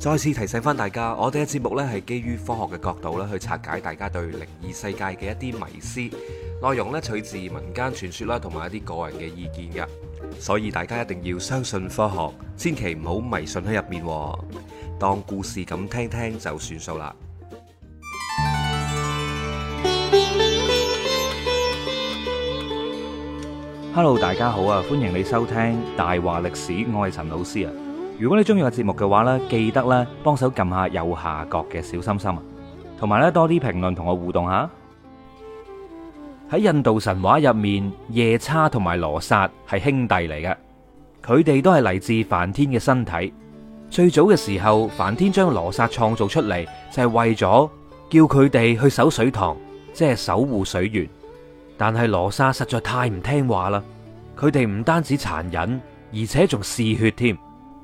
再次提醒翻大家，我哋嘅節目呢係基於科學嘅角度呢去拆解大家對靈異世界嘅一啲迷思，內容呢取自民間傳說啦，同埋一啲個人嘅意見嘅，所以大家一定要相信科學，千祈唔好迷信喺入面，當故事咁聽聽就算數啦。Hello，大家好啊，歡迎你收聽大話歷史，我係陳老師啊。如果你中意個節目嘅話呢，記得咧幫手撳下右下角嘅小心心，同埋咧多啲評論同我互動下。喺印度神話入面，夜叉同埋羅剎係兄弟嚟嘅，佢哋都係嚟自梵天嘅身體。最早嘅時候，梵天將羅剎創造出嚟，就係為咗叫佢哋去守水塘，即係守護水源。但係羅剎實在太唔聽話啦，佢哋唔單止殘忍，而且仲嗜血添。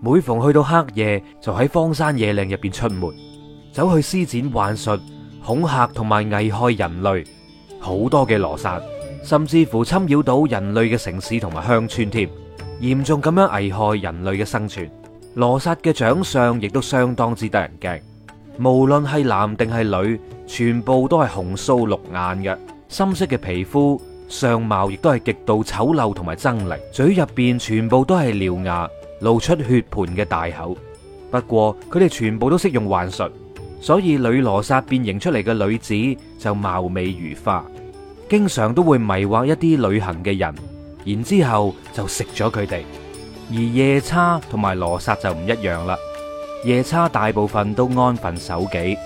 每逢去到黑夜，就喺荒山野嶺入邊出沒，走去施展幻術，恐嚇同埋危害人類，好多嘅羅剎，甚至乎侵擾到人類嘅城市同埋鄉村添，嚴重咁樣危害人類嘅生存。羅剎嘅長相亦都相當之得人驚，無論係男定係女，全部都係紅鬚綠眼嘅，深色嘅皮膚，相貌亦都係極度醜陋同埋猙獰，嘴入邊全部都係獠牙。露出血盆嘅大口。不過佢哋全部都識用幻術，所以女羅剎變形出嚟嘅女子就貌美如花，經常都會迷惑一啲旅行嘅人，然之後就食咗佢哋。而夜叉同埋羅剎就唔一樣啦。夜叉大部分都安分守己，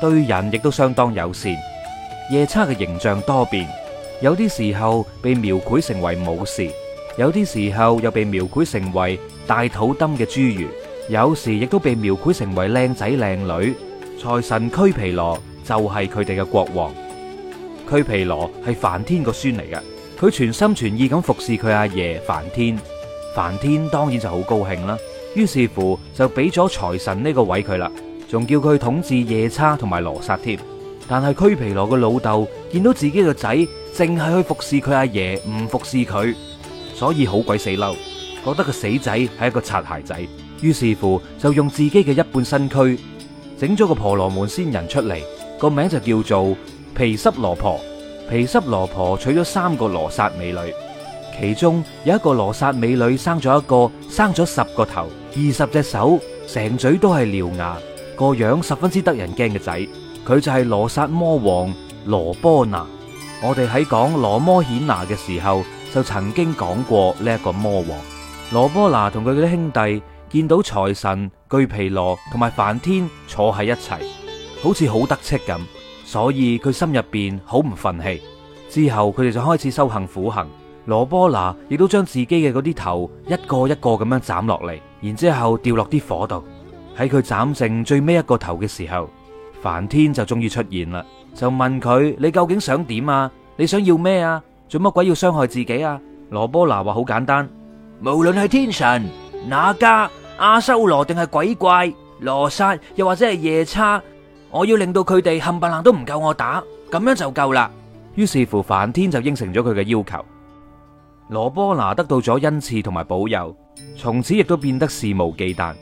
對人亦都相當友善。夜叉嘅形象多變，有啲時候被描繪成為武士，有啲時候又被描繪成為大肚墩嘅侏儒，有時亦都被描繪成為靚仔靚女。財神屈皮羅就係佢哋嘅國王。屈皮羅係梵天個孫嚟嘅，佢全心全意咁服侍佢阿爺梵天，梵天當然就好高興啦。於是乎就俾咗財神呢個位佢啦，仲叫佢統治夜叉同埋羅剎添。但係屈皮羅嘅老豆見到自己個仔淨係去服侍佢阿爺，唔服侍佢，所以好鬼死嬲。覺得個死仔係一個擦鞋仔，於是乎就用自己嘅一半身軀整咗個婆羅門仙人出嚟，個名就叫做皮濕羅婆。皮濕羅婆娶咗三個羅剎美女，其中有一個羅剎美女生咗一個生咗十個頭、二十隻手，成嘴都係獠牙，個樣十分之得人驚嘅仔。佢就係羅剎魔王羅波那。我哋喺講羅摩衍那嘅時候，就曾經講過呢一個魔王。羅波拿同佢啲兄弟見到財神巨皮羅同埋梵天坐喺一齊，好似好得戚咁，所以佢心入邊好唔忿氣。之後佢哋就開始修行苦行。羅波拿亦都將自己嘅嗰啲頭一個一個咁樣斬落嚟，然之後掉落啲火度。喺佢斬剩最尾一個頭嘅時候，梵天就終於出現啦，就問佢：你究竟想點啊？你想要咩啊？做乜鬼要傷害自己啊？羅波拿話好簡單。無論係天神、那迦、阿修羅定係鬼怪、羅剎又或者係夜叉，我要令到佢哋冚唪唥都唔夠我打，咁樣就夠啦。於是乎，梵天就應承咗佢嘅要求。羅波那得到咗恩賜同埋保佑，從此亦都變得肆無忌憚。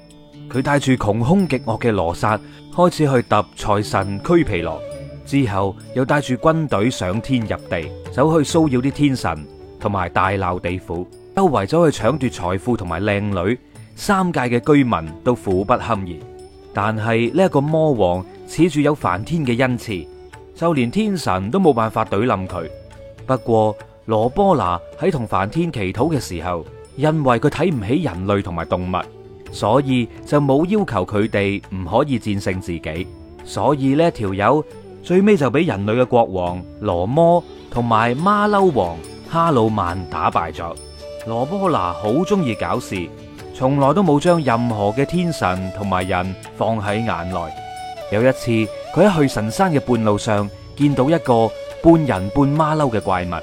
佢帶住窮兇極惡嘅羅剎，開始去揼財神拘皮羅，之後又帶住軍隊上天入地，走去騷擾啲天神，同埋大鬧地府。周圍走去搶奪財富同埋靚女，三界嘅居民都苦不堪言。但係呢一個魔王恃住有梵天嘅恩賜，就連天神都冇辦法懟冧佢。不過羅波拿喺同梵天祈禱嘅時候，因為佢睇唔起人類同埋動物，所以就冇要求佢哋唔可以戰勝自己。所以呢一條友最尾就俾人類嘅國王羅摩同埋馬騮王哈魯曼打敗咗。羅波拿好中意搞事，從來都冇將任何嘅天神同埋人放喺眼內。有一次，佢喺去神山嘅半路上見到一個半人半馬騮嘅怪物。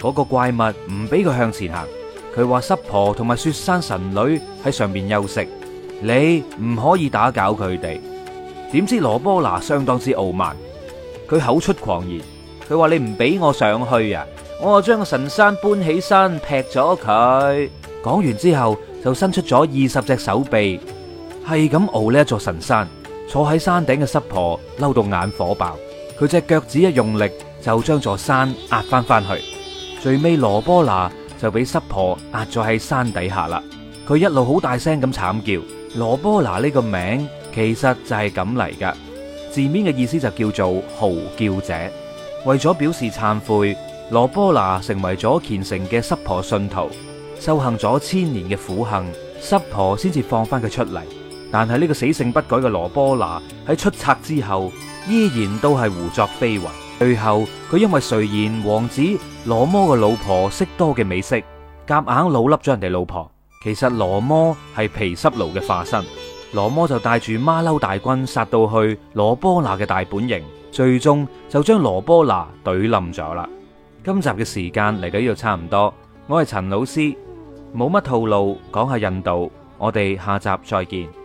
嗰個怪物唔俾佢向前行，佢話濕婆同埋雪山神女喺上面休息，你唔可以打攪佢哋。點知羅波拿相當之傲慢，佢口出狂言，佢話你唔俾我上去呀，啊。我就將個神山搬起身劈咗佢。講完之後就伸出咗二十隻手臂，係咁拗呢一座神山。坐喺山頂嘅濕婆嬲到眼火爆，佢隻腳趾一用力就將座山壓翻翻去。最尾羅波拿就俾濕婆壓咗喺山底下啦。佢一路好大聲咁慘叫。羅波拿呢個名其實就係咁嚟噶，字面嘅意思就叫做嚎叫者，為咗表示懺悔，羅波拿成為咗虔誠嘅濕婆信徒，受行咗千年嘅苦行。濕婆先至放翻佢出嚟，但係呢個死性不改嘅羅波拿喺出冊之後，依然都係胡作非為。最後佢因為垂涎王子羅摩嘅老婆悉多嘅美色，夾硬硬老笠咗人哋老婆。其實羅摩係皮濕奴嘅化身，羅摩就帶住馬騮大軍殺到去羅波拿嘅大本營，最終就將羅波拿懟冧咗啦。今集嘅時間嚟到呢度差唔多，我係陳老師，冇乜套路，講下印度，我哋下集再見。